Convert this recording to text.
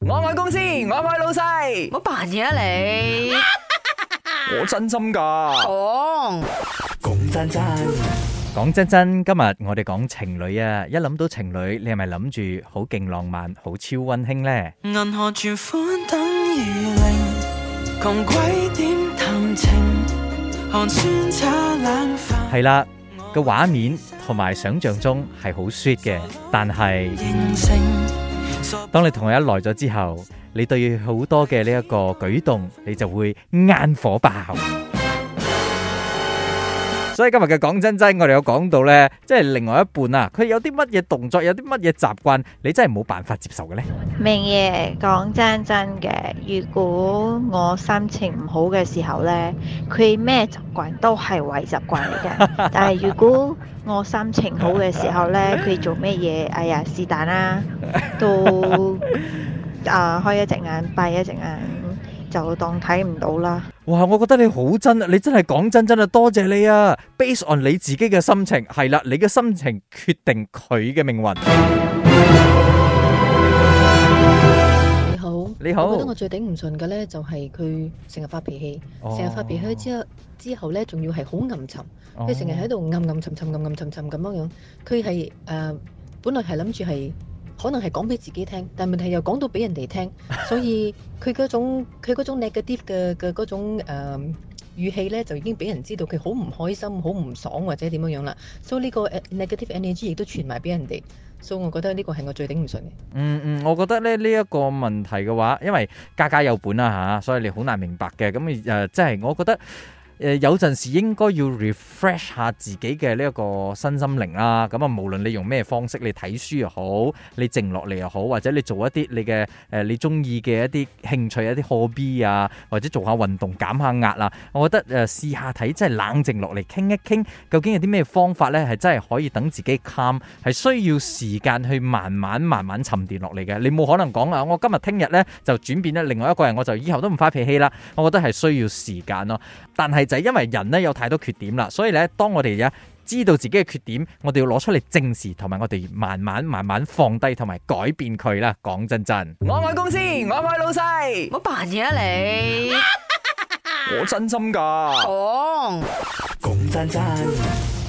我愛公司，我愛老細。我扮嘢啊你！我真心噶。哦，講講真真，講真真，今日我哋講情侶啊！一諗到情侶，你係咪諗住好勁浪漫，好超溫馨呢？銀行存款等於零，窮鬼點談情？寒酸炒冷飯。係啦，個畫面同埋想象中係好 sweet 嘅，但係。當你同佢一來咗之後，你對好多嘅呢一個舉動，你就會啱火爆。所以今日嘅講真真，我哋有講到呢，即係另外一半啊，佢有啲乜嘢動作，有啲乜嘢習慣，你真係冇辦法接受嘅呢？明爺講真真嘅，如果我心情唔好嘅時候呢，佢咩習慣都係壞習慣嚟嘅。 但係如果我心情好嘅時候呢，佢做咩嘢？哎呀，是但啦，都啊、呃、開一隻眼閉一隻眼。就當睇唔到啦！哇，我覺得你好真啊，你真係講真真啊，多謝你啊！Based on 你自己嘅心情，係啦，你嘅心情決定佢嘅命運。你好，你好。我覺得我最頂唔順嘅呢，就係佢成日發脾氣，成日發脾氣之後之後呢，仲要係好陰沉，佢成日喺度陰陰沉沉、陰陰沉沉咁樣樣。佢係誒，本來係諗住係。可能係講俾自己聽，但問題又講到俾人哋聽，所以佢嗰種佢嗰種 negative 嘅嘅嗰種誒、呃、語氣咧，就已經俾人知道佢好唔開心、好唔爽或者點樣樣啦。所以呢個 negative energy 亦都傳埋俾人哋，所、so，以我覺得呢個係我最頂唔順嘅。嗯嗯，我覺得咧呢一、呢個問題嘅話，因為家家有本啦、啊、嚇，所以你好難明白嘅。咁誒、呃，即係我覺得。誒、呃、有陣時應該要 refresh 下自己嘅呢一個身心靈啦。咁啊，無論你用咩方式，你睇書又好，你靜落嚟又好，或者你做一啲你嘅誒、呃、你中意嘅一啲興趣、一啲 hobby 啊，或者做下運動減下壓啦、啊。我覺得誒試、呃、下睇真係冷靜落嚟傾一傾，究竟有啲咩方法呢？係真係可以等自己 calm，係需要時間去慢慢慢慢沉澱落嚟嘅。你冇可能講啊，我今日聽日呢就轉變咗另外一個人，我就以後都唔發脾氣啦。我覺得係需要時間咯。但係。就係因為人咧有太多缺點啦，所以咧當我哋啊知道自己嘅缺點，我哋要攞出嚟正視，同埋我哋慢慢慢慢放低，同埋改變佢啦。講真真，我愛公司，我愛老細，唔好扮嘢啊你！ 我真心噶，講講、oh. 公真真。